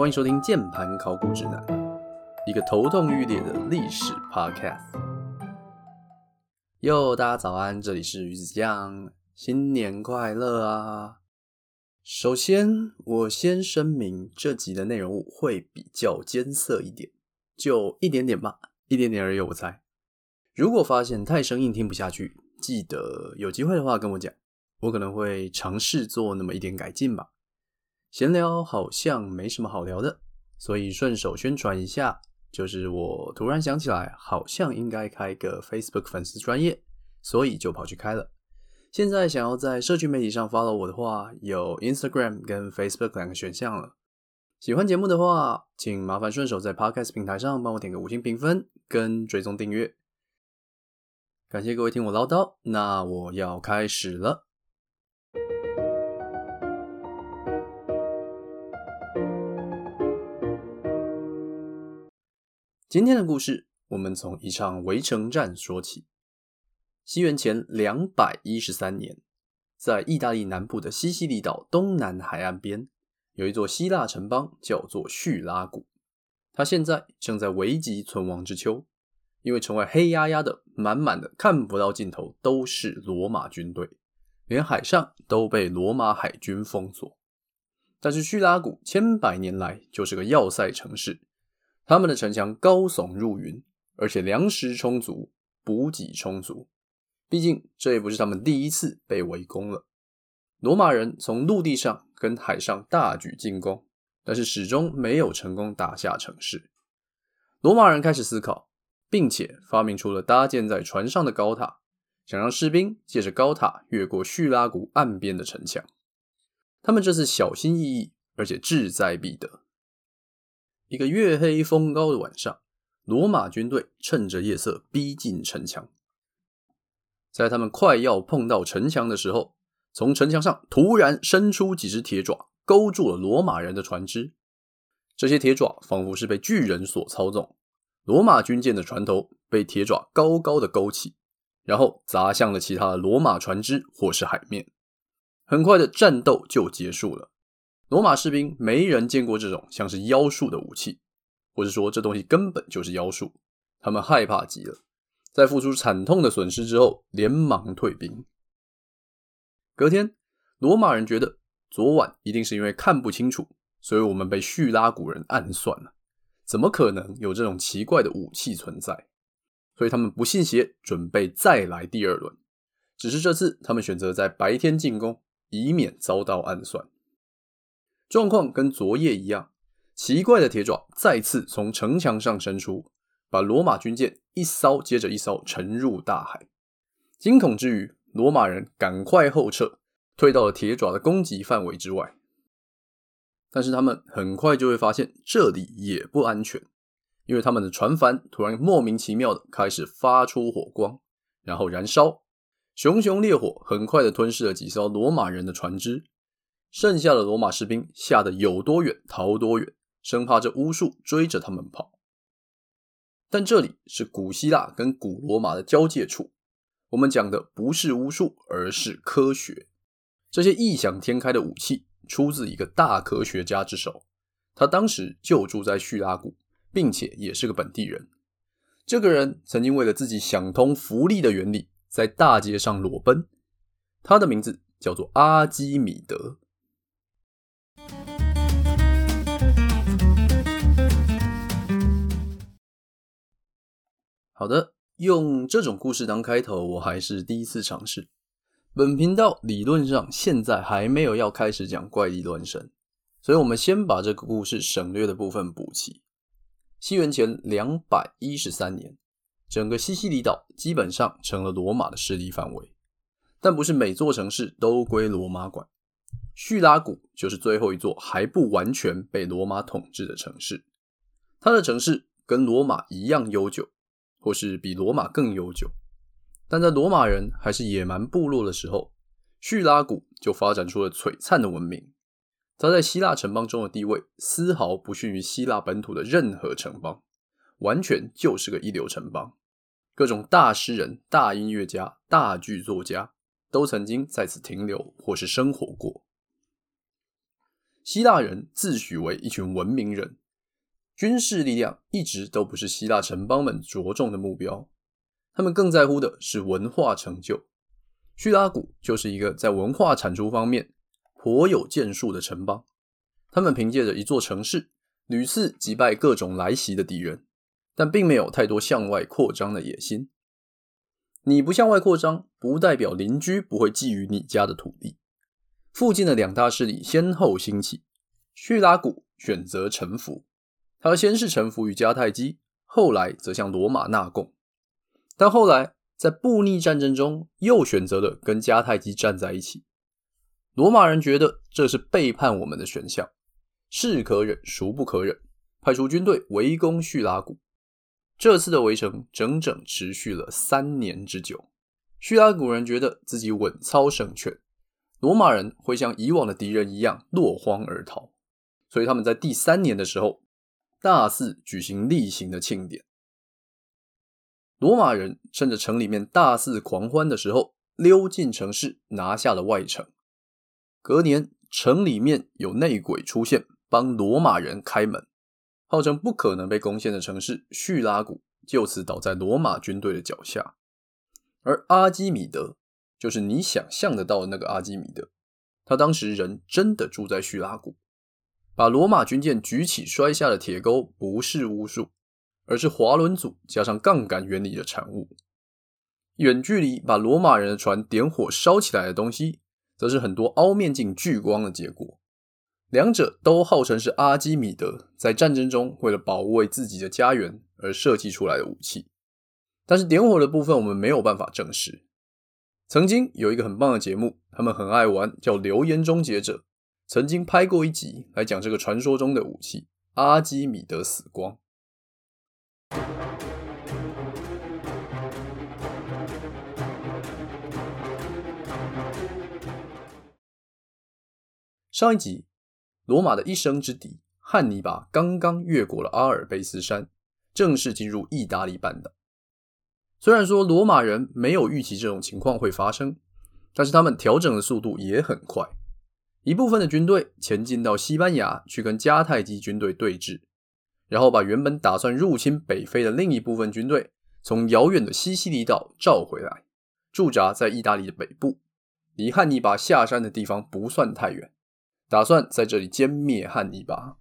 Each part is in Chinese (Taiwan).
歡迎收聽《鍵盤考古指南》，一個頭痛欲裂的歷史 podcast。喲，大家早安，這裡是魚子醬，新年快樂啊！首先，我先聲明，這集的內容物會比較艱澀一點，就一點點吧，一點點而已我猜。如果發現太生硬聽不下去，記得有機會的話跟我講，我可能會嘗試做那麼一點改進吧。閒聊好像沒什麼好聊的，所以順手宣傳一下。就是我突然想起來，好像應該開個 Facebook 粉絲專頁，所以就跑去開了。現在想要在社群媒體上 follow 我的話，有 Instagram 跟 Facebook 兩個選項了。喜歡節目的話，請麻煩順手在 Podcast 平台上幫我點個五星評分跟追蹤訂閱。感謝各位聽我嘮叨，那我要開始了。今天的故事，我們從一場圍城戰說起。西元前兩百一十三年，在意大利南部的西西里島東南海岸邊，有一座希臘城邦，叫做敘拉古。它現在正在危急存亡之秋，因為城外黑壓壓的、滿滿的，看不到盡頭，都是羅馬軍隊，連海上都被羅馬海軍封鎖。但是敘拉古千百年來就是個要塞城市。他們的城牆高聳入雲，而且糧食充足，補給充足。畢竟，這也不是他們第一次被圍攻了。羅馬人從陸地上跟海上大舉進攻，但是始終沒有成功打下城市。羅馬人開始思考，並且發明出了搭建在船上的高塔，想讓士兵借着高塔越過敘拉古岸邊的城牆。他們這次小心翼翼，而且志在必得。一個月黑風高的晚上，羅馬軍隊趁着夜色逼近城牆。在他們快要碰到城牆的時候，從城牆上突然伸出幾隻鐵爪，勾住了羅馬人的船隻。這些鐵爪仿佛是被巨人所操縱，羅馬軍艦的船頭被鐵爪高高的勾起，然後砸向了其他的羅馬船隻或是海面。很快的，戰鬥就結束了。羅馬士兵沒人見過這種像是妖術的武器，或者說這東西根本就是妖術，他們害怕極了，在付出慘痛的損失之後，連忙退兵。隔天，羅馬人覺得昨晚一定是因為看不清楚，所以我們被敘拉古人暗算了，怎麼可能有這種奇怪的武器存在？所以他們不信邪，準備再來第二輪。只是這次他們選擇在白天進攻，以免遭到暗算。狀況跟昨夜一樣，奇怪的鐵爪再次從城牆上伸出，把羅馬軍艦一艘接着一艘沉入大海。驚恐之餘，羅馬人趕快後撤，退到了鐵爪的攻擊範圍之外。但是他們很快就會發現這裡也不安全，因為他們的船帆突然莫名其妙的開始發出火光，然後燃燒，熊熊烈火很快的吞噬了幾艘羅馬人的船隻。剩下的羅馬士兵嚇得有多遠逃多遠，生怕這巫術追着他們跑。但這裡是古希臘跟古羅馬的交界處，我們講的不是巫術，而是科學。這些異想天開的武器出自一個大科學家之手，他當時就住在敘拉古，並且也是個本地人。這個人曾經為了自己想通浮力的原理，在大街上裸奔。他的名字叫做阿基米德。好的，用這種故事當開頭，我還是第一次嘗試。本頻道理論上現在還沒有要開始講怪力亂神，所以我們先把這個故事省略的部分補齊。西元前兩百一十三年，整個西西里島基本上成了羅馬的勢力範圍，但不是每座城市都歸羅馬管。敘拉古就是最後一座還不完全被羅馬統治的城市，它的城市跟羅馬一樣悠久。或是比羅馬更悠久，但在羅馬人還是野蠻部落的時候，敘拉古就發展出了璀璨的文明。它在希臘城邦中的地位絲毫不遜於希臘本土的任何城邦，完全就是個一流城邦。各種大詩人、大音樂家、大劇作家都曾經在此停留或是生活過。希臘人自詡為一群文明人。軍事力量一直都不是希臘城邦們着重的目標，他們更在乎的是文化成就。敘拉古就是一個在文化產出方面頗有建樹的城邦，他們憑借着一座城市，屢次擊敗各種來襲的敵人，但並沒有太多向外擴張的野心。你不向外擴張，不代表鄰居不會覬覦你家的土地。附近的兩大勢力先後興起，敘拉古選擇臣服。他先是臣服於迦太基，後來則向羅馬納貢，但後來在布匿戰爭中又選擇了跟迦太基站在一起。羅馬人覺得這是背叛我們的選項，是可忍孰不可忍，派出軍隊圍攻敘拉古。這次的圍城整整持續了三年之久。敘拉古人覺得自己穩操勝券，羅馬人會像以往的敵人一樣落荒而逃，所以他們在第三年的時候，大肆舉行例行的慶典，羅馬人趁着城裡面大肆狂歡的時候，溜進城市，拿下了外城。隔年，城裡面有內鬼出現，幫羅馬人開門，號稱不可能被攻陷的城市敘拉古就此倒在羅馬軍隊的腳下。而阿基米德就是你想象得到的那個阿基米德，他當時人真的住在敘拉古。把羅馬軍艦舉起摔下的鐵鈎不是巫術，而是滑輪組加上槓桿原理的產物。遠距離把羅馬人的船點火燒起來的東西，則是很多凹面鏡聚光的結果。兩者都號稱是阿基米德在戰爭中為了保衛自己的家園而設計出來的武器，但是點火的部分我們沒有辦法證實。曾經有一個很棒的節目，他們很愛玩，叫“流言終結者”。曾經拍過一集來講這個傳說中的武器，阿基米德死光。上一集，羅馬的一生之敵漢尼拔剛剛越過了阿爾卑斯山，正式進入意大利半島。雖然說羅馬人沒有預期這種情況會發生，但是他們調整的速度也很快。一部分的軍隊前進到西班牙去跟迦太基軍隊對峙，然後把原本打算入侵北非的另一部分軍隊從遙遠的西西里島召回來，駐紮在意大利的北部。離漢尼拔下山的地方不算太遠，打算在這裡殲滅漢尼拔。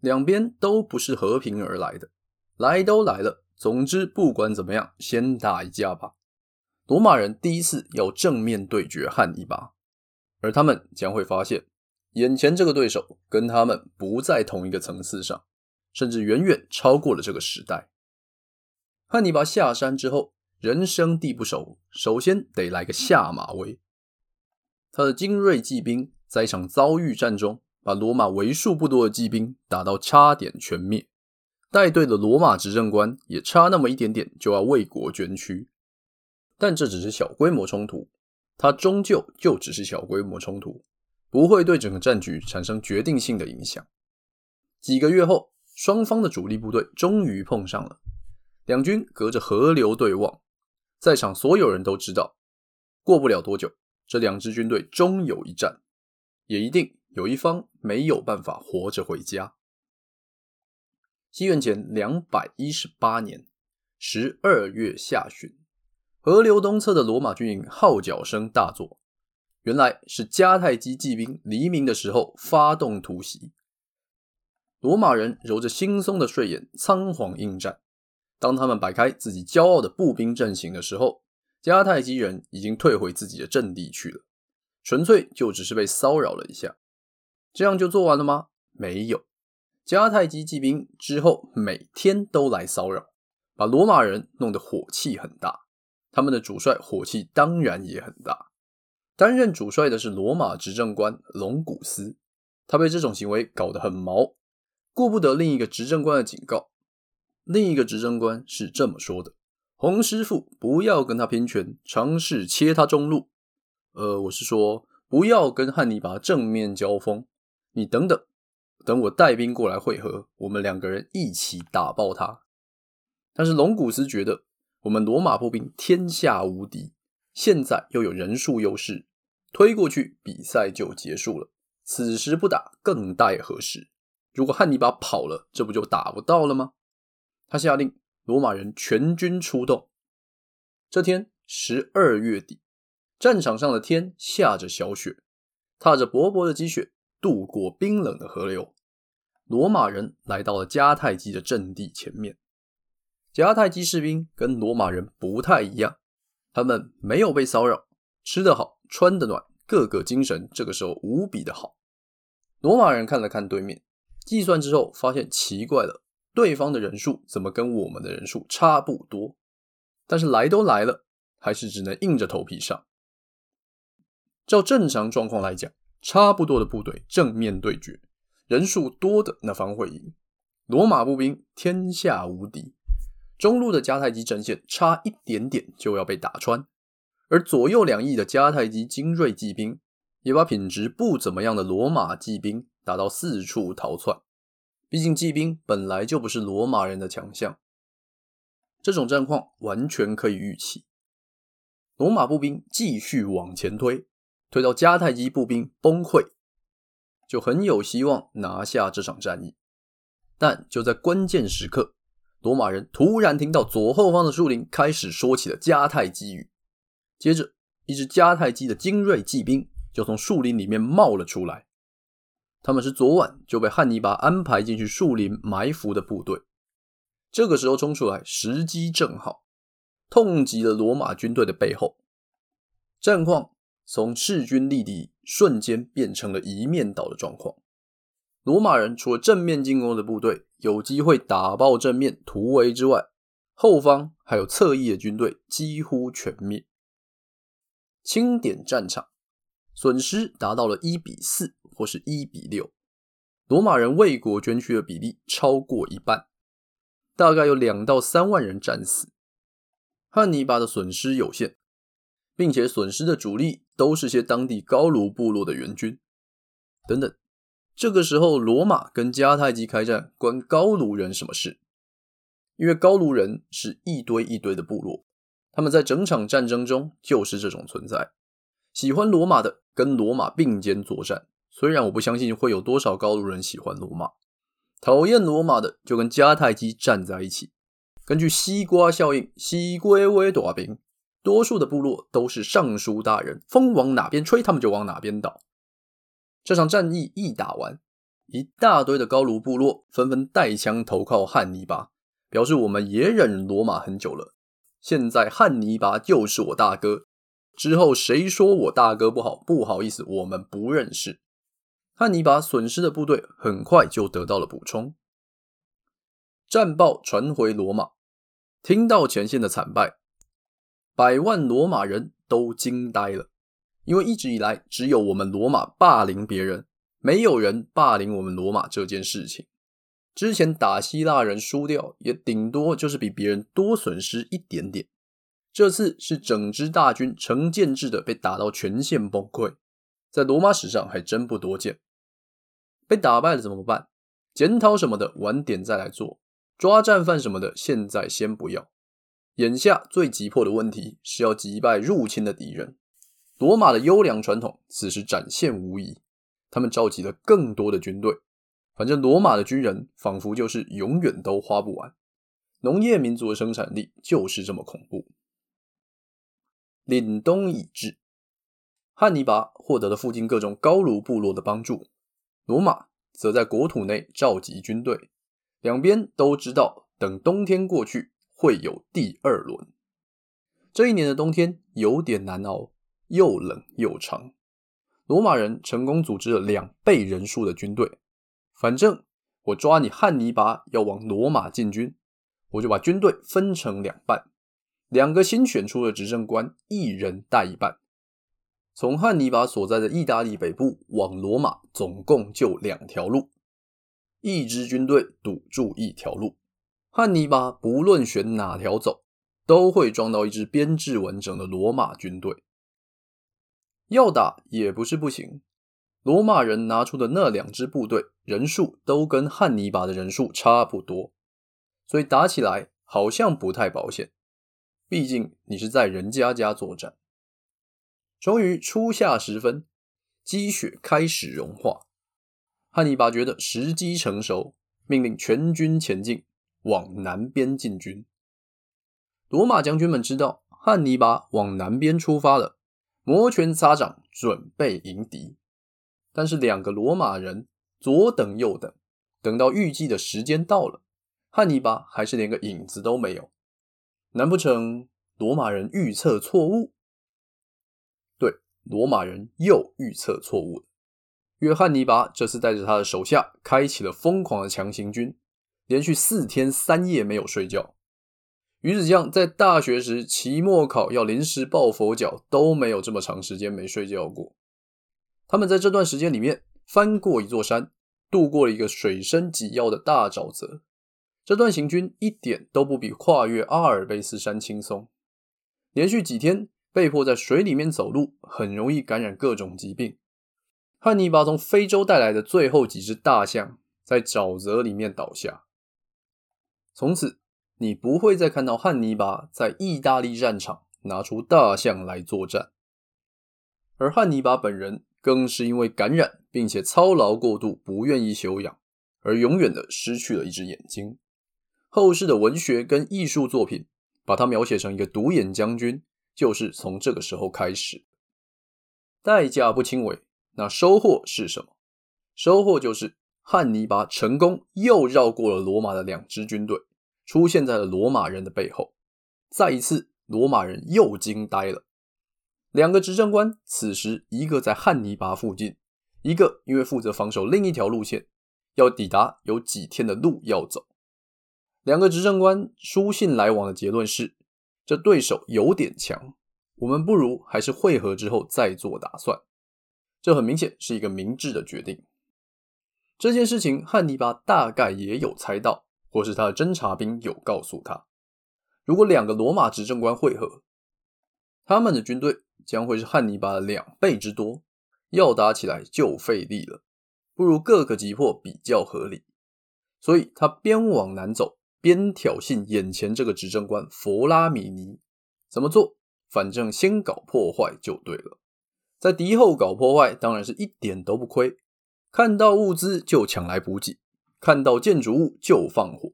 兩邊都不是和平而來的，來都來了，總之不管怎麼樣，先打一架吧。羅馬人第一次要正面對決漢尼拔。而他們將會發現，眼前這個對手跟他們不在同一個層次上，甚至遠遠超過了這個時代。漢尼拔下山之後，人生地不熟，首先得來個下馬威。他的精銳騎兵在一場遭遇戰中，把羅馬為數不多的騎兵打到差點全滅，帶隊的羅馬執政官也差那麼一點點就要為國捐軀。但這只是小規模衝突。它終究就只是小規模衝突，不會對整個戰局產生決定性的影響。幾個月後，雙方的主力部隊終於碰上了，兩軍隔着河流對望，在場所有人都知道，過不了多久，這兩支軍隊終有一戰，也一定有一方沒有辦法活着回家。西元前兩百一十八年十二月下旬。河流東側的羅馬軍營號角聲大作，原來是迦太基騎兵黎明的時候發動突襲。羅馬人揉着惺忪的睡眼，倉皇應戰。當他們擺開自己驕傲的步兵陣型的時候，迦太基人已經退回自己的陣地去了，純粹就只是被騷擾了一下。這樣就做完了嗎？沒有，迦太基騎兵之後每天都來騷擾，把羅馬人弄得火氣很大。他們的主帥火氣當然也很大。擔任主帥的是羅馬執政官龍古斯，他被這種行為搞得很毛，顧不得另一個執政官的警告。另一個執政官是這麼說的：“洪師傅，不要跟他拼拳，嘗試切他中路。呃，我是說，不要跟漢尼拔正面交鋒。你等等，等我帶兵過來會合，我們兩個人一起打爆他。”但是龍古斯覺得。我們羅馬步兵天下無敵，現在又有人數優勢，推過去比賽就結束了。此時不打，更待何時？如果漢尼拔跑了，這不就打不到了嗎？他下令，羅馬人全軍出動。這天十二月底，戰場上的天下着小雪，踏着薄薄的積雪，渡過冰冷的河流，羅馬人來到了迦太基的陣地前面。迦太基士兵跟羅馬人不太一樣，他們沒有被騷擾，吃得好，穿得暖，個個精神，這個時候無比的好。羅馬人看了看對面，計算之後發現奇怪了，對方的人數怎麼跟我們的人數差不多？但是來都來了，還是只能硬着頭皮上。照正常狀況來講，差不多的部隊正面對決，人數多的那方會贏。羅馬步兵天下無敵。中路的迦太基陣線差一點點就要被打穿，而左右兩翼的迦太基精銳騎兵也把品質不怎麼樣的羅馬騎兵打到四處逃竄。畢竟騎兵本來就不是羅馬人的強項，這種戰況完全可以預期。羅馬步兵繼續往前推，推到迦太基步兵崩潰，就很有希望拿下這場戰役。但就在關鍵時刻。羅馬人突然聽到左後方的樹林開始說起了迦太基語，接着一支迦太基的精銳騎兵就從樹林裡面冒了出來。他們是昨晚就被漢尼拔安排進去樹林埋伏的部隊，這個時候衝出來，時機正好，痛擊了羅馬軍隊的背後。戰況從勢均力敵瞬間變成了一面倒的狀況。羅馬人除了正面進攻的部隊有機會打爆正面突圍之外，後方還有側翼的軍隊幾乎全滅。清點戰場，損失達到了一比四或是一比六，羅馬人為國捐軀的比例超過一半，大概有兩到三萬人戰死。漢尼拔的損失有限，並且損失的主力都是些當地高盧部落的援軍，等等。這個時候，羅馬跟迦太基開戰，關高盧人什麼事？因為高盧人是一堆一堆的部落，他們在整場戰爭中就是這種存在。喜歡羅馬的跟羅馬並肩作戰，雖然我不相信會有多少高盧人喜歡羅馬；討厭羅馬的就跟迦太基站在一起。根據西瓜效應，西瓜偎大邊，多數的部落都是尚書大人，風往哪邊吹，他們就往哪邊倒。這場戰役一打完，一大堆的高盧部落紛紛帶槍投靠漢尼拔，表示我們也忍羅馬很久了。現在漢尼拔就是我大哥，之後誰說我大哥不好，不好意思，我們不認識。漢尼拔損失的部隊很快就得到了補充。戰報傳回羅馬，聽到前線的慘敗，百萬羅馬人都驚呆了。因為一直以來，只有我們羅馬霸凌別人，沒有人霸凌我們羅馬這件事情。之前打希臘人輸掉，也頂多就是比別人多損失一點點。這次是整支大軍成建制的被打到全線崩潰，在羅馬史上還真不多見。被打敗了怎麼辦？檢討什麼的，晚點再來做；抓戰犯什麼的，現在先不要。眼下最急迫的問題是要擊敗入侵的敵人。羅馬的優良傳統此時展現無遺。他們召集了更多的軍隊，反正羅馬的軍人仿佛就是永遠都花不完。農業民族的生產力就是這麼恐怖。凛冬已至，漢尼拔獲得了附近各種高盧部落的幫助，羅馬則在國土內召集軍隊。兩邊都知道，等冬天過去會有第二輪。這一年的冬天有點難熬。又冷又長，羅馬人成功組織了兩倍人數的軍隊。反正我抓你漢尼拔要往羅馬進軍，我就把軍隊分成兩半，兩個新選出的執政官一人帶一半。從漢尼拔所在的意大利北部往羅馬，總共就兩條路，一支軍隊堵住一條路。漢尼拔不論選哪條走，都會撞到一支編制完整的羅馬軍隊。要打也不是不行。羅馬人拿出的那兩支部隊人數都跟漢尼拔的人數差不多，所以打起來好像不太保險。畢竟你是在人家家作戰。終於初夏時分，積雪開始融化，漢尼拔覺得時機成熟，命令全軍前進，往南邊進軍。羅馬將軍們知道漢尼拔往南邊出發了。摩拳擦掌，準備迎敵。但是兩個羅馬人左等右等，等到預計的時間到了，漢尼拔還是連個影子都沒有。難不成羅馬人預測錯誤？對，羅馬人又預測錯誤了。約漢尼拔這次帶着他的手下，開啟了瘋狂的強行軍，連續四天三夜沒有睡覺。魚子醬在大學時期末考要臨時抱佛腳，都沒有這麼長時間沒睡覺過。他們在這段時間裡面翻過一座山，渡過了一個水深及腰的大沼澤。這段行軍一點都不比跨越阿爾卑斯山輕鬆。連續幾天被迫在水裡面走路，很容易感染各種疾病。漢尼拔從非洲帶來的最後幾隻大象在沼澤裡面倒下，從此。你不會再看到漢尼拔在意大利戰場拿出大象來作戰，而漢尼拔本人更是因為感染並且操勞過度，不願意休養，而永遠的失去了一只眼睛。後世的文學跟藝術作品把他描寫成一個獨眼將軍，就是從這個時候開始。代價不輕微，那收穫是什麼？收穫就是漢尼拔成功又繞過了羅馬的兩支軍隊。出現在了羅馬人的背後，再一次，羅馬人又驚呆了。兩個執政官此時一個在漢尼拔附近，一個因為負責防守另一條路線，要抵達有幾天的路要走。兩個執政官書信來往的結論是，這對手有點強，我們不如還是會合之後再做打算。這很明顯是一個明智的決定。這件事情，漢尼拔大概也有猜到。或是他的偵察兵有告訴他，如果兩個羅馬執政官會合，他們的軍隊將會是漢尼拔的兩倍之多，要打起來就費力了，不如各個擊破比較合理。所以他邊往南走，邊挑釁眼前這個執政官弗拉米尼。怎麼做？反正先搞破壞就對了，在敵後搞破壞當然是一點都不虧，看到物資就搶來補給。看到建築物就放火，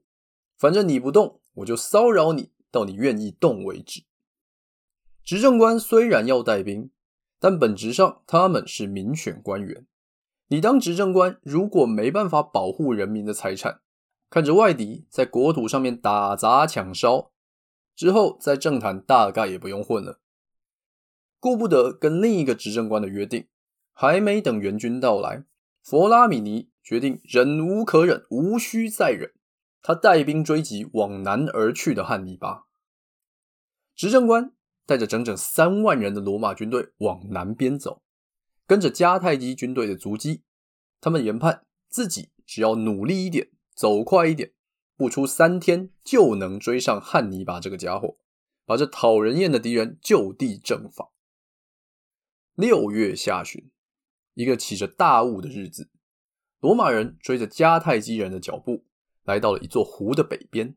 反正你不動，我就騷擾你到你願意動為止。執政官雖然要帶兵，但本質上他們是民選官員。你當執政官如果沒辦法保護人民的財產，看着外敵在國土上面打砸搶燒，之後在政壇大概也不用混了。顧不得跟另一個執政官的約定，還沒等援軍到來，弗拉米尼。決定忍無可忍，無需再忍。他帶兵追擊往南而去的漢尼拔，執政官帶着整整三萬人的羅馬軍隊往南邊走，跟着迦太基軍隊的足跡。他們研判自己只要努力一點，走快一點，不出三天就能追上漢尼拔這個家伙，把這討人厭的敵人就地正法。六月下旬，一個起着大霧的日子。羅馬人追着迦太基人的腳步，來到了一座湖的北邊。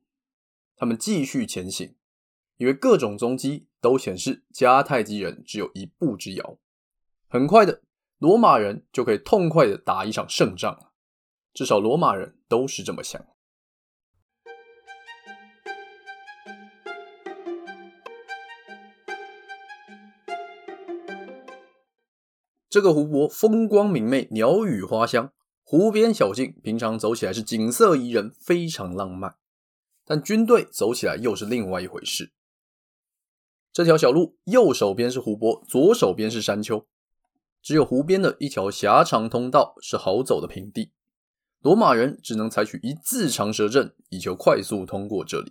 他們繼續前行，因為各種蹤跡都顯示，迦太基人只有一步之遙。很快的，羅馬人就可以痛快的打一場勝仗了。至少，羅馬人都是這麼想。這個湖泊風光明媚，鳥語花香。湖邊小徑平常走起來是景色宜人，非常浪漫。但軍隊走起來又是另外一回事。這條小路右手邊是湖泊，左手邊是山丘，只有湖邊的一條狹長通道是好走的平地。羅馬人只能採取一字長蛇陣，以求快速通過這裡。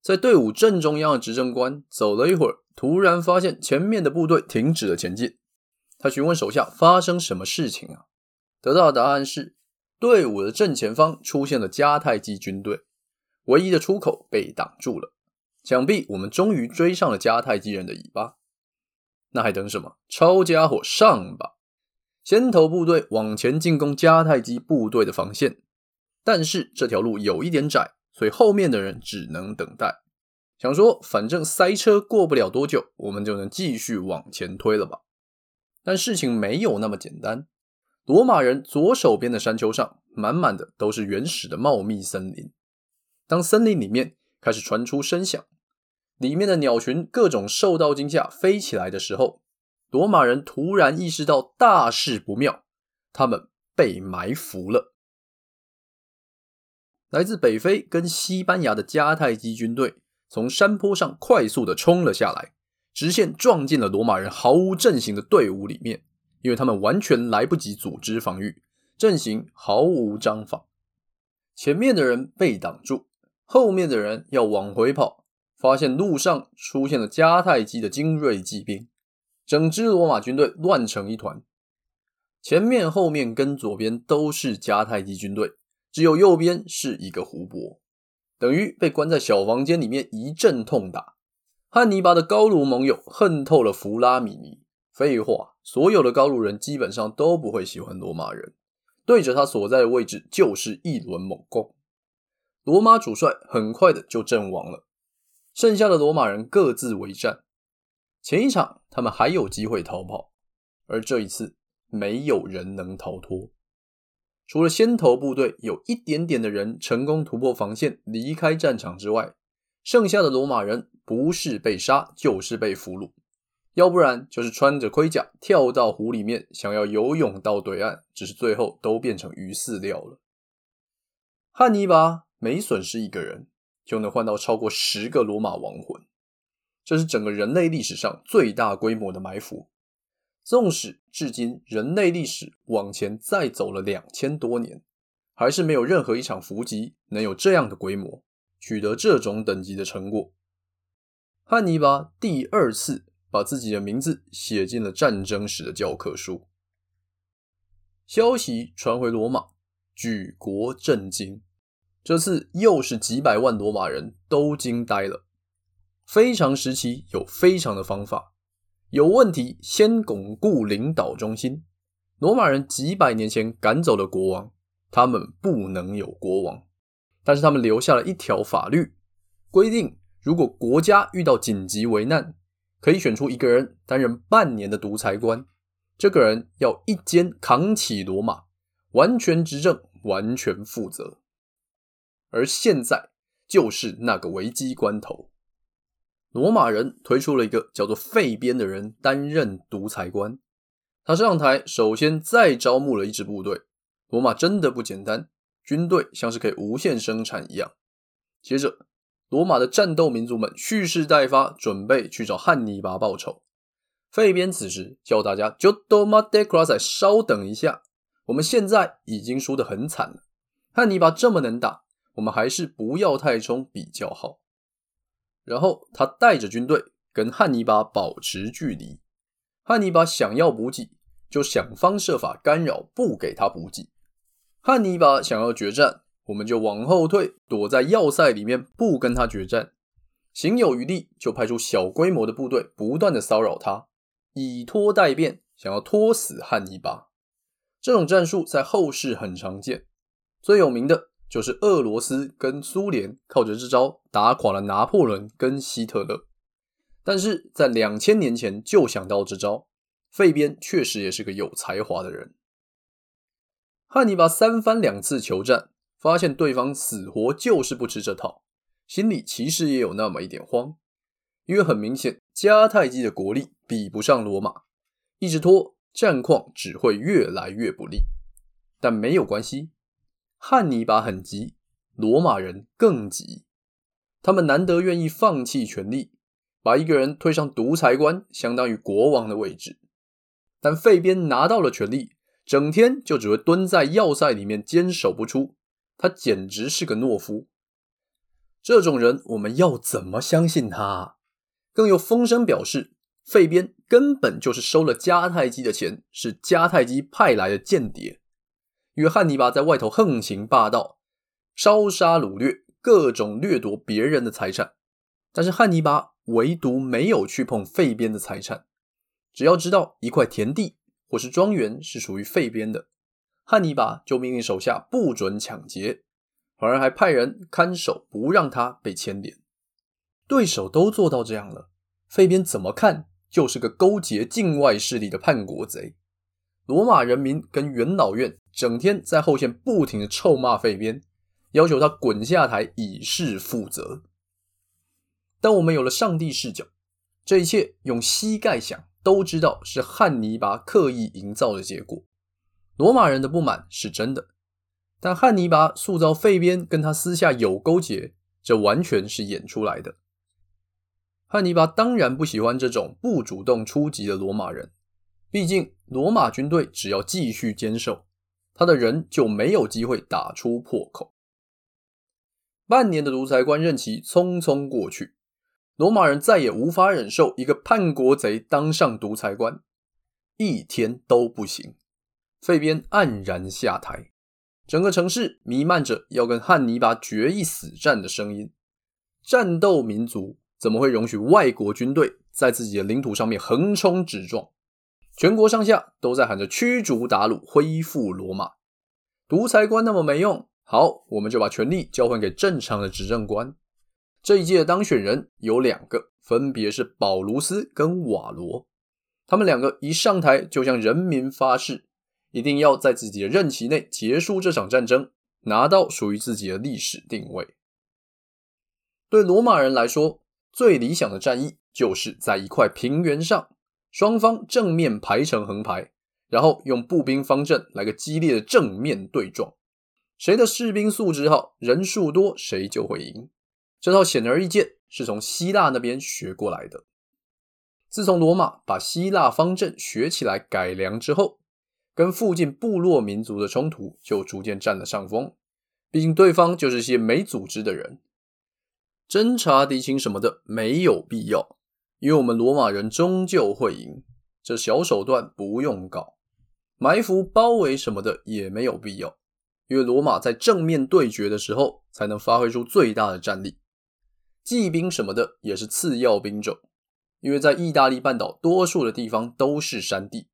在隊伍正中央的執政官走了一會兒，突然發現前面的部隊停止了前進。他詢問手下：“發生什麼事情啊？”得到的答案是，隊伍的正前方出現了迦太基軍隊，唯一的出口被擋住了。想必我們終於追上了迦太基人的尾巴，那還等什麼？抄家伙上吧！先頭部隊往前進攻迦太基部隊的防線，但是這條路有一點窄，所以後面的人只能等待。想說，反正塞車過不了多久，我們就能繼續往前推了吧？但事情沒有那麼簡單。羅馬人左手邊的山丘上，滿滿的都是原始的茂密森林。當森林裡面開始傳出聲響，裡面的鳥群各種受到驚嚇飛起來的時候，羅馬人突然意識到大事不妙，他們被埋伏了。來自北非跟西班牙的迦太基軍隊從山坡上快速的衝了下來，直線撞進了羅馬人毫無陣型的隊伍裡面。因為他們完全來不及組織防禦，陣型毫無章法。前面的人被擋住，後面的人要往回跑，發現路上出現了迦太基的精銳騎兵，整支羅馬軍隊亂成一團。前面、後面跟左邊都是迦太基軍隊，只有右邊是一個湖泊，等於被關在小房間裡面一陣痛打。漢尼拔的高盧盟友恨透了弗拉米尼，廢話。所有的高盧人基本上都不會喜歡羅馬人。對着他所在的位置就是一輪猛攻，羅馬主帥很快的就陣亡了。剩下的羅馬人各自為戰。前一場他們還有機會逃跑，而這一次沒有人能逃脫。除了先頭部隊有一點點的人成功突破防線，離開戰場之外，剩下的羅馬人不是被殺就是被俘虜。要不然就是穿着盔甲跳到湖裡面，想要游泳到對岸，只是最後都變成魚飼料了。漢尼拔每損失一個人，就能換到超過十個羅馬亡魂。這是整個人類歷史上最大規模的埋伏。縱使至今人類歷史往前再走了兩千多年，還是沒有任何一場伏擊能有這樣的規模，取得這種等級的成果。漢尼拔第二次。把自己的名字寫進了戰爭史的教科書。消息傳回羅馬，舉國震驚。這次又是幾百萬羅馬人都驚呆了。非常時期有非常的方法。有問題，先鞏固領導中心。羅馬人幾百年前趕走了國王，他們不能有國王，但是他們留下了一條法律，規定如果國家遇到緊急危難，可以選出一個人擔任半年的獨裁官，這個人要一肩扛起羅馬，完全執政，完全負責。而現在就是那個危機關頭，羅馬人推出了一個叫做費邊的人擔任獨裁官。他上台首先再招募了一支部隊。羅馬真的不簡單，軍隊像是可以無限生產一樣。接着，羅馬的戰鬥民族們蓄勢待發，準備去找漢尼拔報仇。費邊此時叫大家稍等一下，我們現在已經輸得很慘了。漢尼拔這麼能打，我們還是不要太衝比較好。然後他帶着軍隊跟漢尼拔保持距離。漢尼拔想要補給，就想方設法干擾，不給他補給。漢尼拔想要決戰，我們就往後退，躲在要塞裡面，不跟他決戰，行有餘力就派出小規模的部隊，不斷的騷擾他，以拖待變，想要拖死漢尼拔。這種戰術在後世很常見，最有名的就是俄羅斯跟蘇聯靠着這招打垮了拿破崙跟希特勒。但是在兩千年前就想到這招，費邊確實也是個有才華的人。漢尼拔三番兩次求戰。發現對方死活就是不吃這套，心裡其實也有那麼一點慌，因為很明顯，迦太基的國力比不上羅馬，一直拖戰況只會越來越不利。但沒有關係，漢尼拔很急，羅馬人更急，他們難得願意放棄權力，把一個人推上獨裁官，相當於國王的位置。但費邊拿到了權力，整天就只會蹲在要塞裡面堅守不出。他簡直是個懦夫，這種人我們要怎麼相信他？更有風聲表示，費邊根本就是收了迦太基的錢，是迦太基派來的間諜。因為漢尼拔在外頭橫行霸道，燒殺擄掠，各種掠奪別人的財產，但是漢尼拔唯獨沒有去碰費邊的財產，只要知道一塊田地或是莊園是屬於費邊的。漢尼拔就命令手下不准搶劫，反而還派人看守，不讓他被牽連。對手都做到這樣了，費邊怎麼看就是個勾結境外勢力的叛國賊。羅馬人民跟元老院整天在後線不停的臭罵費邊，要求他滾下台以示負責。當我們有了上帝視角，這一切用膝蓋想都知道是漢尼拔刻意營造的結果。羅馬人的不滿是真的，但漢尼拔塑造費邊跟他私下有勾結，這完全是演出來的。漢尼拔當然不喜歡這種不主動出擊的羅馬人，畢竟羅馬軍隊只要繼續堅守，他的人就沒有機會打出破口。半年的獨裁官任期匆匆過去，羅馬人再也無法忍受一個叛國賊當上獨裁官，一天都不行。費邊黯然下台，整個城市瀰漫着要跟漢尼拔決一死戰的聲音。戰鬥民族怎麼會容許外國軍隊在自己的領土上面橫衝直撞？全國上下都在喊着驅逐韃虜，恢復羅馬。獨裁官那麼沒用，好，我們就把權力交還給正常的執政官。這一屆的當選人有兩個，分別是保盧斯跟瓦羅。他們兩個一上台就向人民發誓。一定要在自己的任期內結束這場戰爭，拿到屬於自己的歷史定位。對羅馬人來說，最理想的戰役就是在一塊平原上，雙方正面排成橫排，然後用步兵方陣來個激烈的正面對撞，誰的士兵素質好、人數多，誰就會贏。這套顯而易見是從希臘那邊學過來的。自從羅馬把希臘方陣學起來、改良之後。跟附近部落民族的衝突就逐漸占了上風，畢竟對方就是一些沒組織的人。偵察敵情什麼的沒有必要，因為我們羅馬人終究會贏。這小手段不用搞，埋伏包圍什麼的也沒有必要，因為羅馬在正面對決的時候才能發揮出最大的戰力。騎兵什麼的也是次要兵種，因為在意大利半島多數的地方都是山地。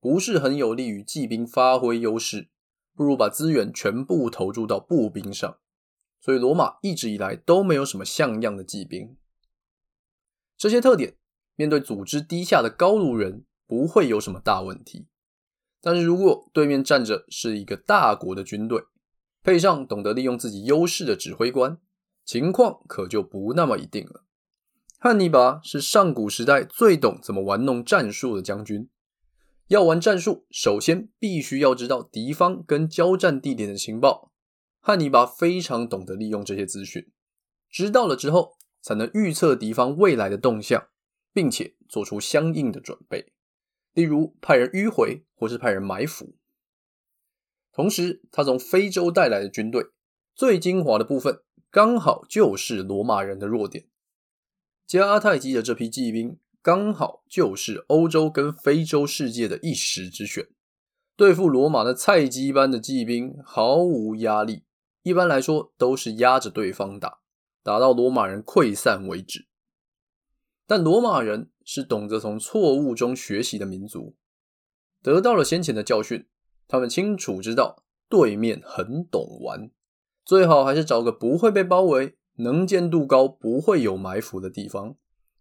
不是很有利於騎兵發揮優勢，不如把資源全部投注到步兵上。所以，羅馬一直以來都沒有什麼像樣的騎兵。這些特點，面對組織低下的高盧人，不會有什麼大問題。但是，如果對面站着是一個大國的軍隊，配上懂得利用自己優勢的指揮官，情況可就不那麼一定了。漢尼拔是上古時代最懂怎麼玩弄戰術的將軍。要玩戰術，首先必須要知道敵方跟交戰地點的情報。漢尼拔非常懂得利用這些資訊，知道了之後，才能預測敵方未來的動向，並且做出相應的準備，例如派人迂回或是派人埋伏。同時，他從非洲帶來的軍隊最精華的部分，剛好就是羅馬人的弱點。迦太基的這批騎兵。剛好就是歐洲跟非洲世界的一時之選，對付羅馬的菜雞般的騎兵毫無壓力。一般來說都是壓着對方打，打到羅馬人潰散為止。但羅馬人是懂得從錯誤中學習的民族，得到了先前的教訓，他們清楚知道對面很懂玩，最好還是找個不會被包圍、能見度高、不會有埋伏的地方。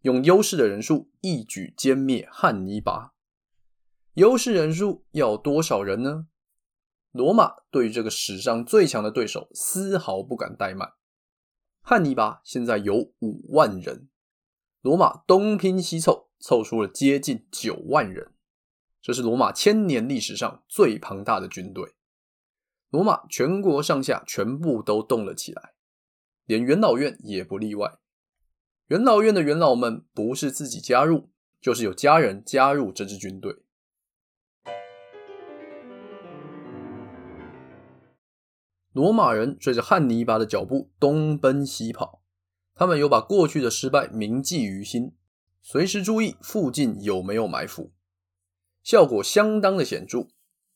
用優勢的人數一舉殲滅漢尼拔。優勢人數要多少人呢？羅馬對這個史上最強的對手絲毫不敢怠慢。漢尼拔現在有五萬人，羅馬東拼西湊，湊出了接近九萬人，這是羅馬千年歷史上最龐大的軍隊。羅馬全國上下全部都動了起來，連元老院也不例外。元老院的元老們不是自己加入，就是有家人加入這支軍隊。羅馬人追着漢尼拔的腳步東奔西跑，他們有把過去的失敗銘記於心，隨時注意附近有沒有埋伏，效果相當的顯著。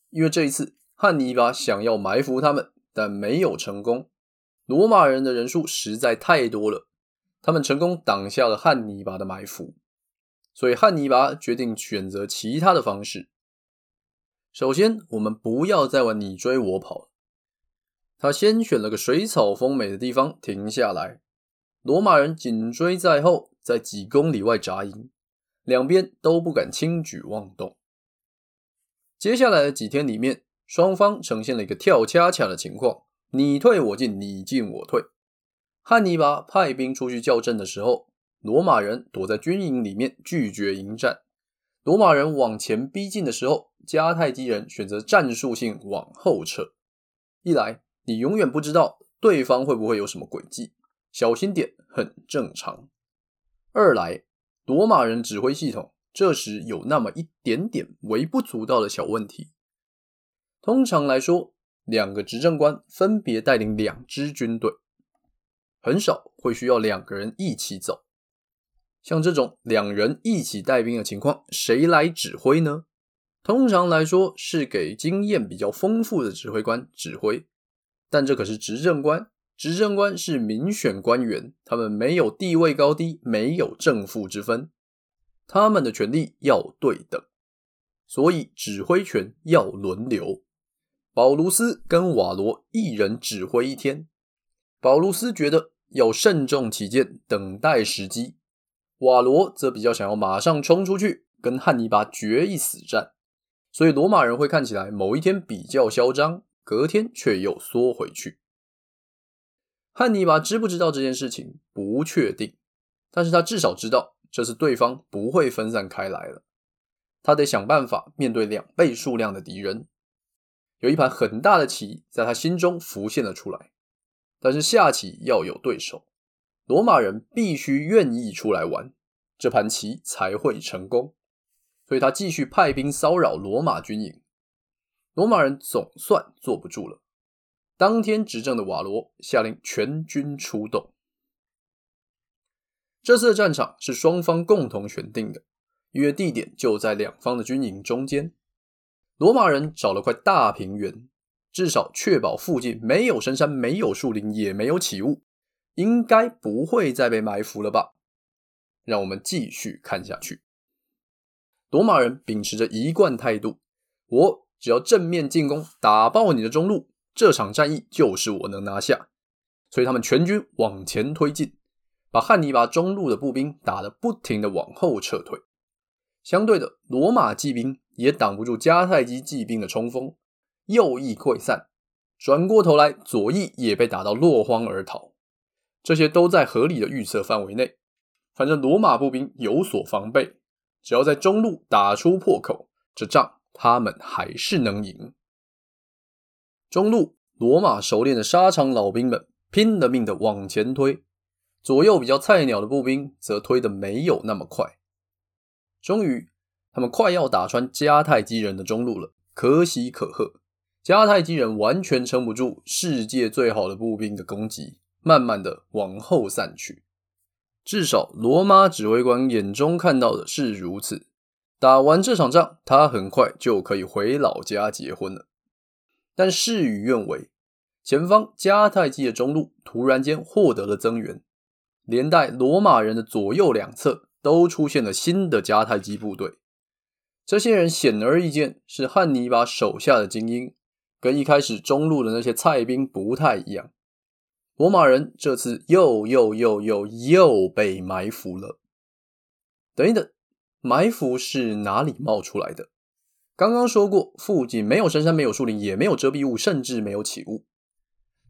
因為這一次漢尼拔想要埋伏他們，但沒有成功。羅馬人的人數實在太多了。他們成功擋下了漢尼拔的埋伏，所以漢尼拔決定選擇其他的方式。首先，我們不要再玩你追我跑了。他先選了個水草豐美的地方停下來，羅馬人緊追在後，在幾公里外紮營，兩邊都不敢輕舉妄動。接下來的幾天裡面，雙方呈現了一個跳恰恰的情況，你退我進，你進我退。漢尼拔派兵出去叫陣的時候，羅馬人躲在軍營裡面拒絕迎戰。羅馬人往前逼近的時候，迦太基人選擇戰術性往後撤。一來，你永遠不知道對方會不會有什麼詭計，小心點很正常。二來，羅馬人指揮系統這時有那麼一點點微不足道的小問題。通常來說，兩個執政官分別帶領兩支軍隊。很少會需要兩個人一起走，像這種兩人一起帶兵的情況，誰來指揮呢？通常來說是給經驗比較豐富的指揮官指揮，但這可是執政官，執政官是民選官員，他們沒有地位高低，沒有正副之分，他們的權力要對等，所以指揮權要輪流，保盧斯跟瓦羅一人指揮一天。保羅斯覺得要慎重起見，等待時機；瓦羅則比較想要馬上衝出去，跟漢尼拔決一死戰。所以羅馬人會看起來某一天比較囂張，隔天卻又縮回去。漢尼拔知不知道這件事情不確定，但是他至少知道這次對方不會分散開來了。他得想辦法面對兩倍數量的敵人。有一盤很大的棋在他心中浮現了出來。但是下棋要有對手，羅馬人必須願意出來玩，這盤棋才會成功。所以他繼續派兵騷擾羅馬軍營，羅馬人總算坐不住了。當天執政的瓦羅下令全軍出動。這次的戰場是雙方共同選定的，因為地點就在兩方的軍營中間。羅馬人找了塊大平原。至少確保附近沒有深山、沒有樹林、也沒有起霧，應該不會再被埋伏了吧？讓我們繼續看下去。羅馬人秉持着一貫態度，我只要正面進攻，打爆你的中路，這場戰役就是我能拿下。所以他們全軍往前推進，把漢尼拔中路的步兵打得不停的往後撤退。相對的，羅馬騎兵也擋不住迦太基騎兵的衝鋒。右翼潰散，轉過頭來，左翼也被打到落荒而逃。這些都在合理的預測範圍內。反正羅馬步兵有所防備，只要在中路打出破口，這仗他們還是能贏。中路羅馬熟練的沙場老兵們拼了命的往前推，左右比較菜鳥的步兵則推得沒有那麼快。終於，他們快要打穿迦太基人的中路了，可喜可賀。迦太基人完全撐不住世界最好的步兵的攻擊，慢慢的往後散去。至少羅馬指揮官眼中看到的是如此。打完這場仗，他很快就可以回老家結婚了。但事與願違，前方迦太基的中路突然間獲得了增援，連帶羅馬人的左右兩側都出現了新的迦太基部隊。這些人顯而易見是漢尼拔手下的精英。跟一開始中路的那些菜兵不太一樣，羅馬人這次又又又又又被埋伏了。等一等，埋伏是哪裡冒出來的？剛剛說過，附近沒有深山，沒有樹林，也沒有遮蔽物，甚至沒有起霧。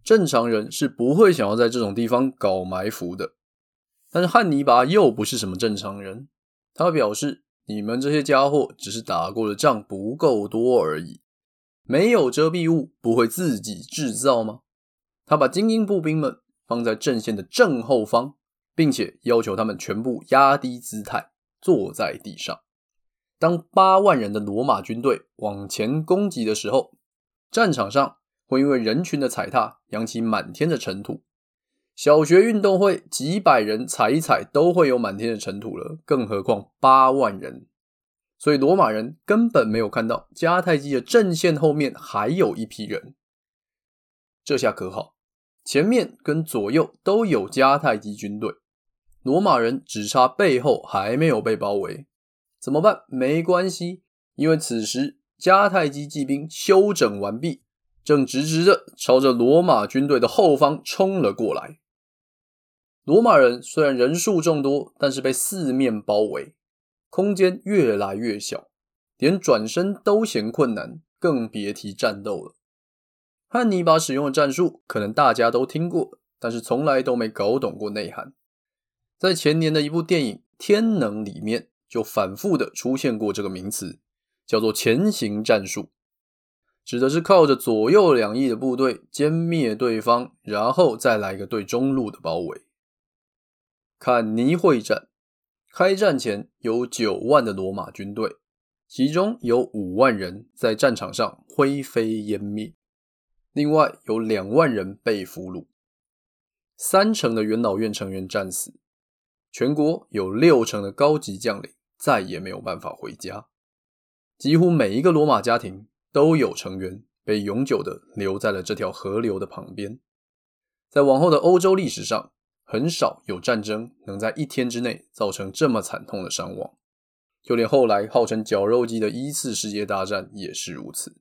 正常人是不會想要在這種地方搞埋伏的。但是漢尼拔又不是什麼正常人，他表示：“你們這些家伙只是打過的仗不夠多而已。”沒有遮蔽物，不會自己製造嗎？他把精英步兵們放在陣線的正後方，並且要求他們全部壓低姿態，坐在地上。當八萬人的羅馬軍隊往前攻擊的時候，戰場上會因為人群的踩踏揚起滿天的塵土。小學運動會幾百人踩一踩都會有滿天的塵土了，更何況八萬人？所以羅馬人根本沒有看到迦太基的陣線後面還有一批人。這下可好，前面跟左右都有迦太基軍隊，羅馬人只差背後還沒有被包圍。怎麼辦？沒關係，因為此時迦太基騎兵修整完畢，正直直的朝着羅馬軍隊的後方衝了過來。羅馬人雖然人數眾多，但是被四面包圍。空間越來越小，連轉身都嫌困難，更別提戰鬥了。漢尼拔使用的戰術，可能大家都聽過，但是從來都沒搞懂過內涵。在前年的一部電影《天能》裡面，就反覆的出現過這個名詞，叫做“鉗形戰術”，指的是靠着左右兩翼的部隊殲滅對方，然後再來一個對中路的包圍。坎尼會戰。開戰前有九萬的羅馬軍隊，其中有五萬人在戰場上灰飛煙滅，另外有兩萬人被俘虜，三成的元老院成員戰死，全國有六成的高級將領再也沒有辦法回家，幾乎每一個羅馬家庭都有成員被永久的留在了這條河流的旁邊，在往後的歐洲歷史上，很少有戰爭能在一天之內造成這麼慘痛的傷亡，就連後來號稱“絞肉機”的一次世界大戰也是如此。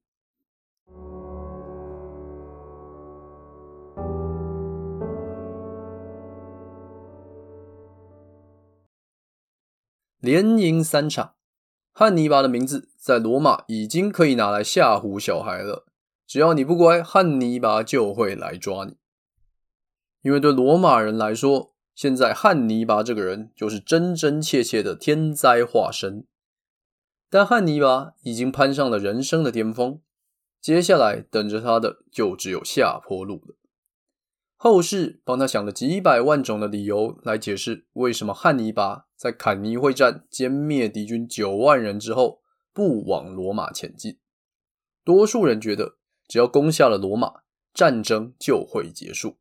連贏三場，漢尼拔的名字在羅馬已經可以拿來嚇唬小孩了。只要你不乖，漢尼拔就會來抓你。因為對羅馬人來說，現在漢尼拔這個人就是真真切切的天災化身。但漢尼拔已經攀上了人生的巔峰，接下來等着他的就只有下坡路了。後世幫他想了幾百萬種的理由來解釋為什麼漢尼拔在坎尼會戰殲滅敵軍九萬人之後不往羅馬前進。多數人覺得，只要攻下了羅馬，戰爭就會結束。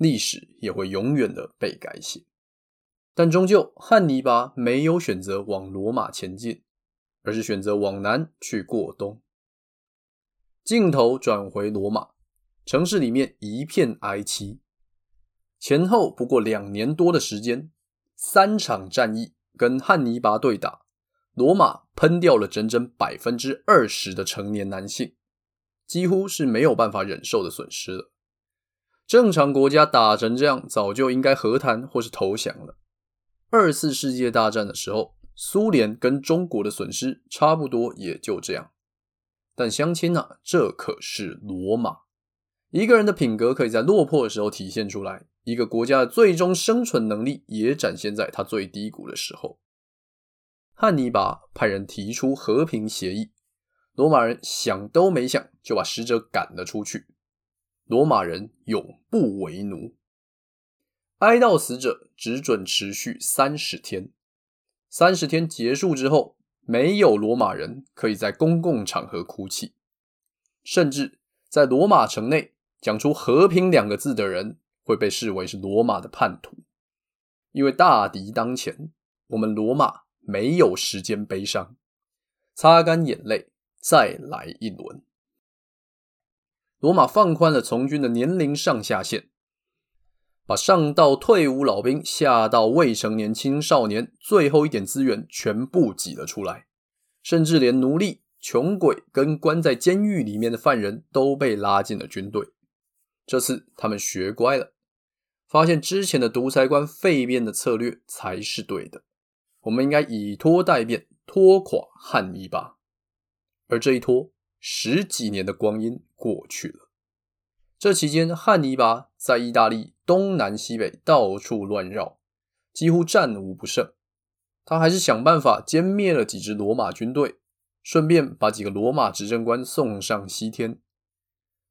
歷史也會永遠的被改寫，但終究漢尼拔沒有選擇往羅馬前進，而是選擇往南去過冬。鏡頭轉回羅馬，城市裡面一片哀淒。前後不過兩年多的時間，三場戰役跟漢尼拔對打，羅馬噴掉了整整百分之二十的成年男性，幾乎是沒有辦法忍受的損失了。正常國家打成這樣，早就應該和談或是投降了。二次世界大戰的時候，蘇聯跟中國的損失差不多，也就這樣。但鄉親呢、啊，這可是羅馬。一個人的品格可以在落魄的時候體現出來，一個國家的最終生存能力也展現在他最低谷的時候。漢尼拔派人提出和平協議，羅馬人想都沒想就把使者趕了出去。羅馬人永不為奴。哀悼死者只准持續三十天，三十天結束之後，沒有羅馬人可以在公共場合哭泣。甚至在羅馬城內講出“和平”兩個字的人，會被視為是羅馬的叛徒，因為大敵當前，我們羅馬沒有時間悲傷，擦乾眼淚，再來一輪。羅馬放寬了從軍的年齡上下限，把上到退伍老兵，下到未成年青少年，最後一點資源全部擠了出來，甚至連奴隸、窮鬼跟關在監獄裡面的犯人都被拉進了軍隊。這次他們學乖了，發現之前的獨裁官費邊的策略才是對的。我們應該以拖待變，拖垮漢尼拔。而這一拖，十幾年的光陰過去了。這期間，漢尼拔在意大利東南西北到處亂繞，幾乎戰無不勝。他還是想辦法殲滅了幾支羅馬軍隊，順便把幾個羅馬執政官送上西天。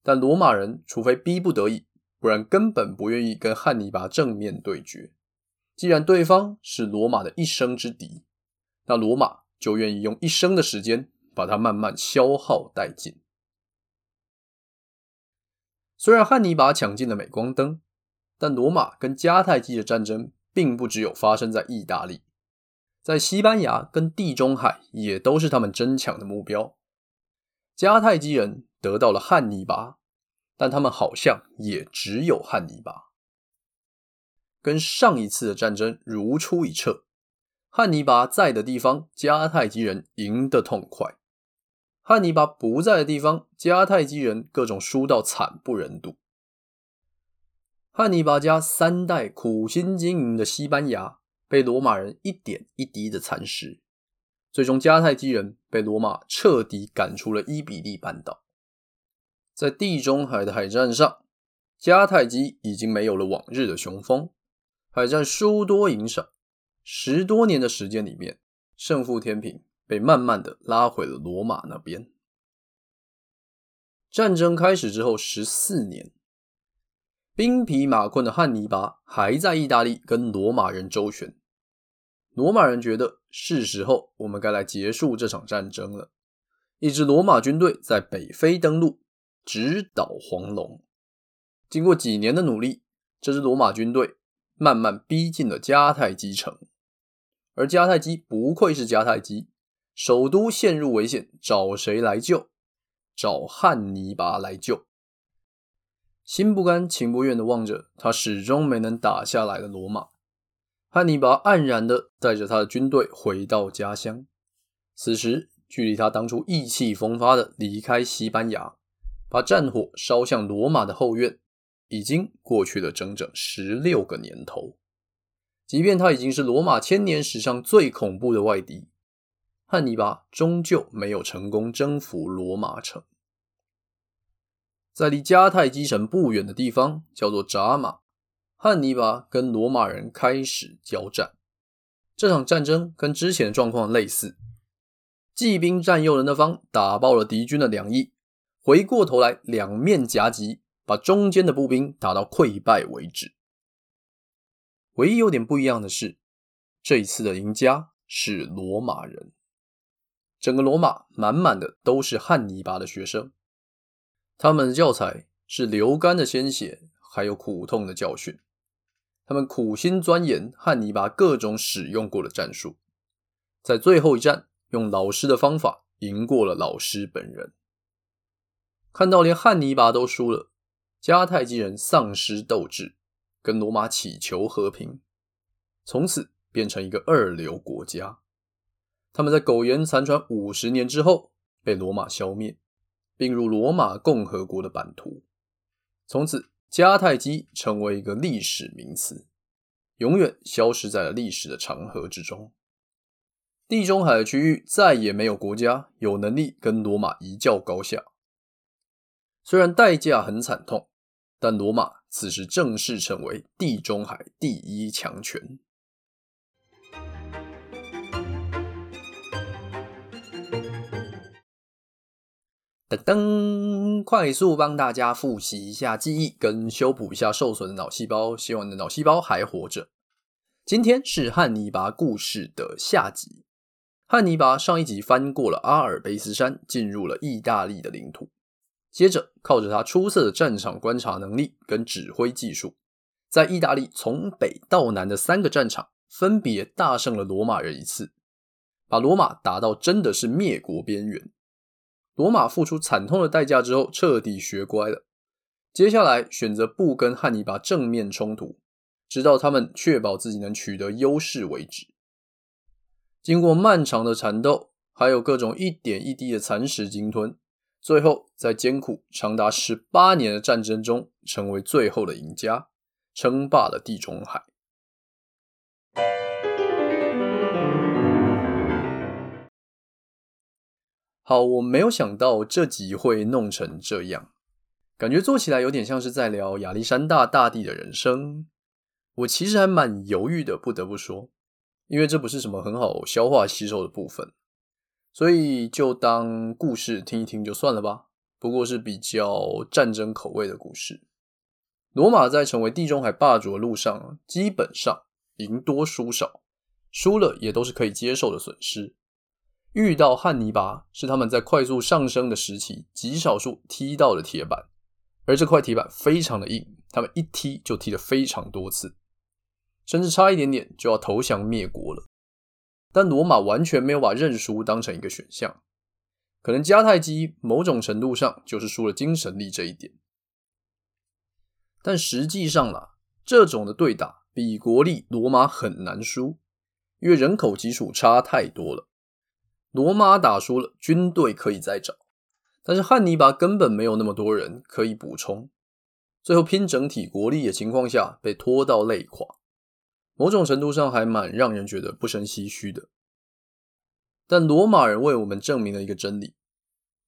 但羅馬人除非逼不得已，不然根本不願意跟漢尼拔正面對決。既然對方是羅馬的一生之敵，那羅馬就願意用一生的時間把他慢慢消耗殆盡。雖然漢尼拔搶盡了鎂光燈，但羅馬跟迦太基的戰爭並不只有發生在意大利，在西班牙跟地中海也都是他們爭搶的目標。迦太基人得到了漢尼拔，但他們好像也只有漢尼拔。跟上一次的戰爭如出一轍，漢尼拔在的地方，迦太基人贏得痛快。漢尼拔不在的地方，迦太基人各種輸到慘不忍睹。漢尼拔家三代苦心經營的西班牙被羅馬人一點一滴的蠶食，最終迦太基人被羅馬徹底趕出了伊比利半島。在地中海的海戰上，迦太基已經沒有了往日的雄風，海戰輸多贏少，十多年的時間裡面，勝負天平。被慢慢的拉回了羅馬那邊。戰爭開始之後十四年，兵疲馬困的漢尼拔還在意大利跟羅馬人周旋。羅馬人覺得是時候，我們該來結束這場戰爭了。一支羅馬軍隊在北非登陸，直搗黃龍。經過幾年的努力，這支羅馬軍隊慢慢逼近了迦太基城。而迦太基不愧是迦太基。首都陷入危險，找誰來救？找漢尼拔來救。心不甘情不願的望着他始終沒能打下來的羅馬，漢尼拔黯然的帶着他的軍隊回到家鄉。此時，距離他當初意氣風發的離開西班牙，把戰火燒向羅馬的後院，已經過去了整整十六個年頭。即便他已經是羅馬千年史上最恐怖的外敵，漢尼拔終究沒有成功征服羅馬城，在離迦太基城不遠的地方，叫做扎馬，漢尼拔跟羅馬人開始交戰。這場戰爭跟之前的狀況類似，騎兵佔優的那方打爆了敵軍的兩翼，回過頭來兩面夾擊，把中間的步兵打到潰敗為止。唯一有點不一樣的是，這一次的贏家是羅馬人。整個羅馬滿滿的都是漢尼拔的學生，他們的教材是流乾的鮮血，還有苦痛的教訓。他們苦心鑽研漢尼拔各種使用過的戰術，在最後一戰用老師的方法贏過了老師本人。看到連漢尼拔都輸了，迦太基人喪失鬥志，跟羅馬乞求和平，從此變成一個二流國家。他們在苟延殘喘五十年之後，被羅馬消滅，併入羅馬共和國的版圖。從此，迦太基成為一個歷史名詞，永遠消失在了歷史的長河之中。地中海的區域再也沒有國家有能力跟羅馬一較高下。雖然代價很慘痛，但羅馬此時正式成為地中海第一強權。噔噔！快速幫大家複習一下記憶，跟修補一下受損的腦細胞，希望你的腦細胞還活着。今天是漢尼拔故事的下集。漢尼拔上一集翻過了阿爾卑斯山，進入了意大利的領土。接着，靠着他出色的戰場觀察能力跟指揮技術，在意大利從北到南的三個戰場，分別大勝了羅馬人一次，把羅馬打到真的是滅國邊緣。羅馬付出慘痛的代價之後，徹底學乖了。接下來選擇不跟漢尼拔正面衝突，直到他們確保自己能取得優勢為止。經過漫長的纏鬥，還有各種一點一滴的蠶食鯨吞，最後在艱苦長達十八年的戰爭中，成為最後的贏家，稱霸了地中海。好，我沒有想到這集會弄成這樣，感覺做起來有點像是在聊亞歷山大大帝的人生。我其實還蠻猶豫的，不得不說，因為這不是什麼很好消化吸收的部分，所以就當故事聽一聽就算了吧。不過是比較戰爭口味的故事。羅馬在成為地中海霸主的路上，基本上贏多輸少，輸了也都是可以接受的損失。遇到漢尼拔是他們在快速上升的時期極少數踢到的鐵板，而這塊鐵板非常的硬，他們一踢就踢了非常多次，甚至差一點點就要投降滅國了。但羅馬完全沒有把認輸當成一個選項，可能迦太基某種程度上就是輸了精神力這一點。但實際上啦，這種的對打比國力羅馬很難輸，因為人口基數差太多了。羅馬打輸了，軍隊可以再找，但是漢尼拔根本沒有那麼多人可以補充，最後拼整體國力的情況下被拖到累垮，某種程度上還蠻讓人覺得不勝唏噓的。但羅馬人為我們證明了一個真理：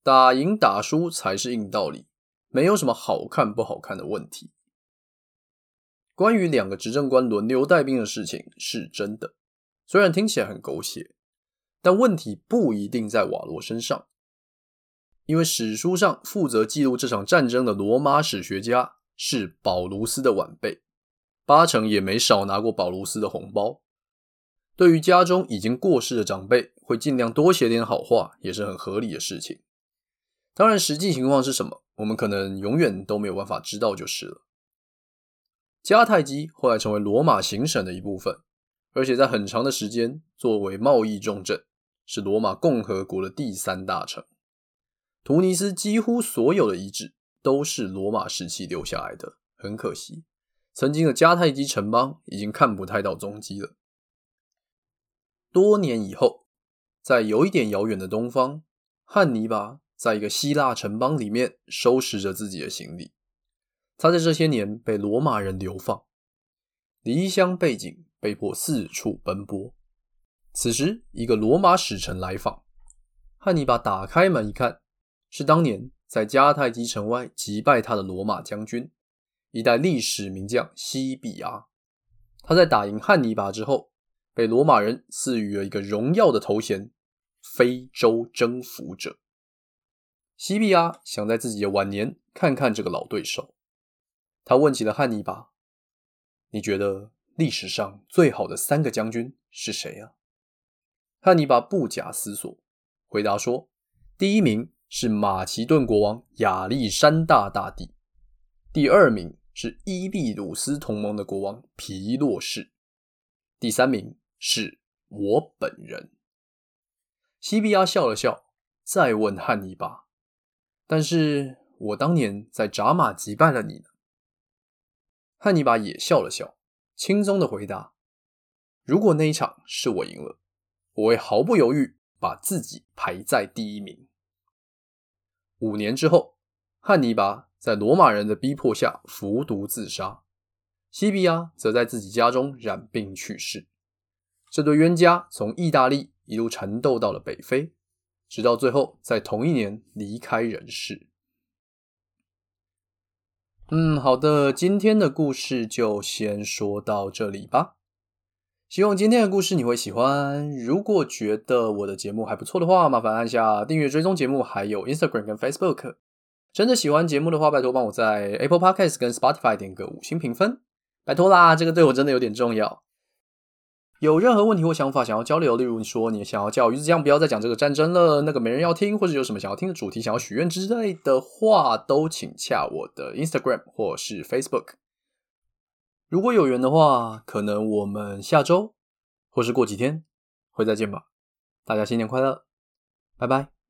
打贏打輸才是硬道理，沒有什麼好看不好看的問題。關於兩個執政官輪流帶兵的事情是真的，雖然聽起來很狗血。但問題不一定在瓦羅身上，因為史書上負責記錄這場戰爭的羅馬史學家是保盧斯的晚輩，八成也沒少拿過保盧斯的紅包。對於家中已經過世的長輩，會盡量多寫點好話，也是很合理的事情。當然，實際情況是什麼，我們可能永遠都沒有辦法知道，就是了。迦太基後來成為羅馬行省的一部分，而且在很長的時間作為貿易重鎮。是羅馬共和國的第三大城。突尼斯幾乎所有的遺址都是羅馬時期留下來的。很可惜，曾經的迦太基城邦已經看不太到蹤跡了。多年以後，在有一點遙遠的東方，漢尼拔在一個希臘城邦裡面收拾着自己的行李。他在這些年被羅馬人流放，離鄉背井被迫四處奔波。此時，一個羅馬使臣來訪，漢尼拔打開門一看，是當年在迦太基城外擊敗他的羅馬將軍，一代歷史名將西庇阿。他在打贏漢尼拔之後，被羅馬人賜予了一個榮耀的頭銜——非洲征服者。西庇阿想在自己的晚年看看這個老對手，他問起了漢尼拔：“你覺得歷史上最好的三個將軍是誰啊？”漢尼拔不假思索回答說：“第一名是馬其頓國王亞歷山大大帝，第二名是伊庇魯斯同盟的國王皮洛士，第三名是我本人。”西庇阿笑了笑，再問漢尼拔：“但是我當年在扎馬擊敗了你呢？”漢尼拔也笑了笑，輕鬆的回答：“如果那一場是我贏了。”我會毫不猶豫把自己排在第一名。五年之後，漢尼拔在羅馬人的逼迫下服毒自殺，西庇阿則在自己家中染病去世。這對冤家從意大利一路纏鬥到了北非，直到最後在同一年離開人世。嗯，好的，今天的故事就先說到這裡吧。希望今天的故事你會喜歡。如果覺得我的節目還不錯的話，麻煩按下訂閱追蹤節目，還有 Instagram 跟 Facebook。真的喜歡節目的話，拜託幫我，在 Apple Podcast 跟 Spotify 點個五星評分，拜託啦，這個對我真的有點重要。有任何問題或想法想要交流，例如你說你想要叫魚子醬不要再講這個戰爭了，那個沒人要聽，或者有什麼想要聽的主題，想要許願之類的話，都請洽我的 Instagram 或是 Facebook。如果有緣的話，可能我們下周或是過幾天會再見吧。大家新年快樂，拜拜。